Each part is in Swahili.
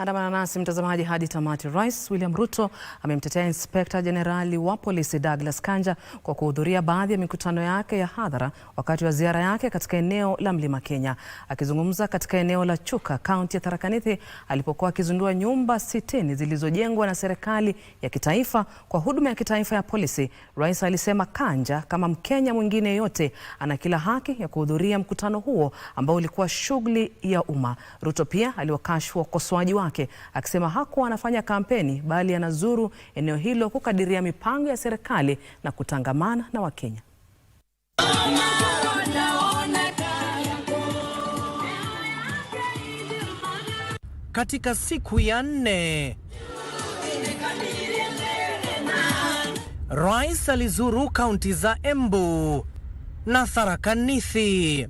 Andamana nasi mtazamaji hadi tamati. Rais William Ruto amemtetea Inspekta Jenerali wa Polisi Douglas Kanja kwa kuhudhuria baadhi ya mikutano yake ya hadhara wakati wa ziara yake katika eneo la Mlima Kenya. Akizungumza katika eneo la Chuka, kaunti ya Tharaka Nithi, alipokuwa akizindua nyumba sitini zilizojengwa na serikali ya kitaifa kwa huduma ya kitaifa ya polisi, rais alisema Kanja, kama Mkenya mwingine yote ana kila haki ya kuhudhuria mkutano huo ambao ulikuwa shughuli ya umma. Ruto pia aliwakashifu wakosoaji wake wake akisema hakuwa anafanya kampeni bali anazuru eneo hilo kukadiria mipango ya serikali na kutangamana na Wakenya. Katika siku ya nne Rais alizuru kaunti za Embu na Tharaka Nithi.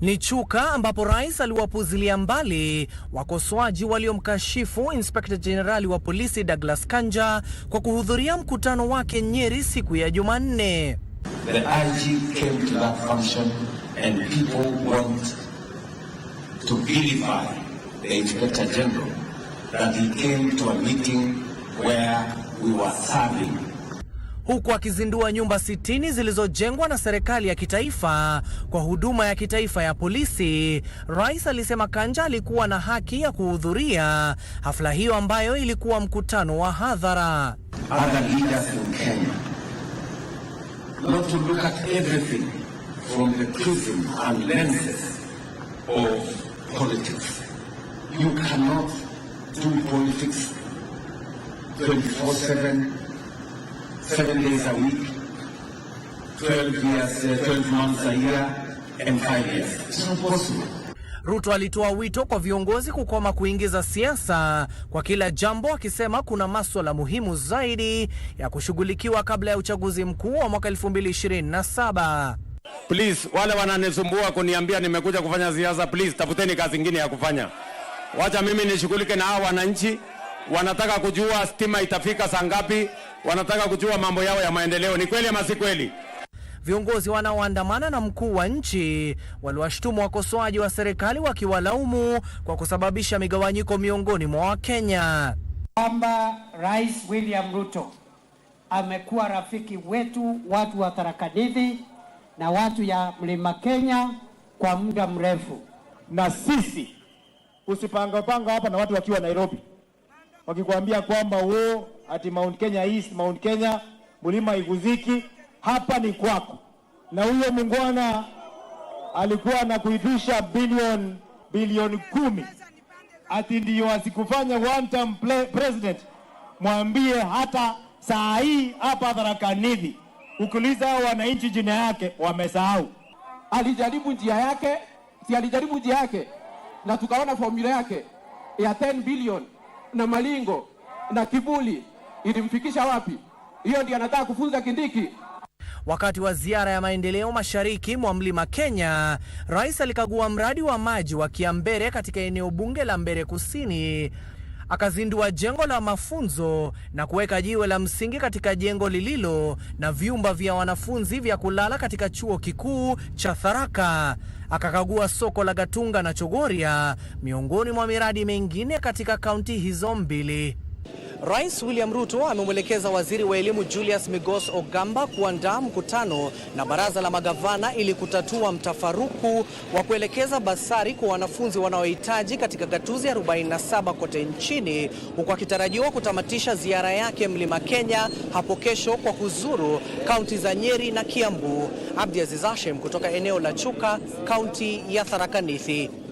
ni Chuka, ambapo rais aliwapuzilia mbali wakosoaji waliomkashifu inspekta jenerali wa polisi Douglas Kanja kwa kuhudhuria mkutano wake Nyeri siku ya Jumanne. We were serving huku akizindua nyumba sitini zilizojengwa na serikali ya kitaifa kwa huduma ya kitaifa ya polisi. Rais alisema Kanja alikuwa na haki ya kuhudhuria hafla hiyo ambayo ilikuwa mkutano wa hadhara seven days a week, 12 years, uh, 12 months a year, and five years. It's not possible. Ruto alitoa wito kwa viongozi kukoma kuingiza siasa kwa kila jambo, akisema kuna maswala muhimu zaidi ya kushughulikiwa kabla ya uchaguzi mkuu wa mwaka 2027. Please, wale wananisumbua kuniambia nimekuja kufanya siasa, please tafuteni kazi ingine ya kufanya. Wacha mimi nishughulike na hawa wananchi. Wanataka kujua stima itafika saa ngapi? wanataka kujua mambo yao ya maendeleo, ni kweli ama si kweli? Viongozi wanaoandamana na mkuu wa nchi waliwashtumu wakosoaji wa serikali wakiwalaumu kwa kusababisha migawanyiko miongoni mwa Wakenya, kwamba Rais William Ruto amekuwa rafiki wetu watu wa Tharakanithi na watu ya Mlima Kenya kwa muda mrefu, na sisi usipangapanga hapa na watu wakiwa Nairobi wakikwambia kwamba woo ati Mount Kenya East, Mount Kenya mlima iguziki. Hapa ni kwako. Na huyo mungwana alikuwa kuitisha bilioni bilioni kumi, ati ndiyo asikufanya one term president. Mwambie hata saa hii hapa Tharaka-Nithi ukiuliza wananchi jina yake wamesahau. Alijaribu njia yake, si alijaribu njia yake, na tukaona formula yake ya 10 billion na malingo na kibuli ilimfikisha wapi? Hiyo ndio anataka kufunza Kindiki. Wakati wa ziara ya maendeleo mashariki mwa mlima Kenya, rais alikagua mradi wa maji wa Kiambere katika eneo bunge la Mbere Kusini, akazindua jengo la mafunzo na kuweka jiwe la msingi katika jengo lililo na vyumba vya wanafunzi vya kulala katika chuo kikuu cha Tharaka. Akakagua soko la Gatunga na Chogoria, miongoni mwa miradi mingine katika kaunti hizo mbili. Rais William Ruto amemwelekeza waziri wa elimu Julius Migos Ogamba kuandaa mkutano na baraza la magavana ili kutatua mtafaruku wa kuelekeza basari kwa wanafunzi wanaohitaji katika gatuzi 47 kote nchini, huku akitarajiwa kutamatisha ziara yake Mlima Kenya hapo kesho kwa kuzuru kaunti za Nyeri na Kiambu. Abdi Aziz Hashim kutoka eneo la Chuka, kaunti ya Tharaka Nithi.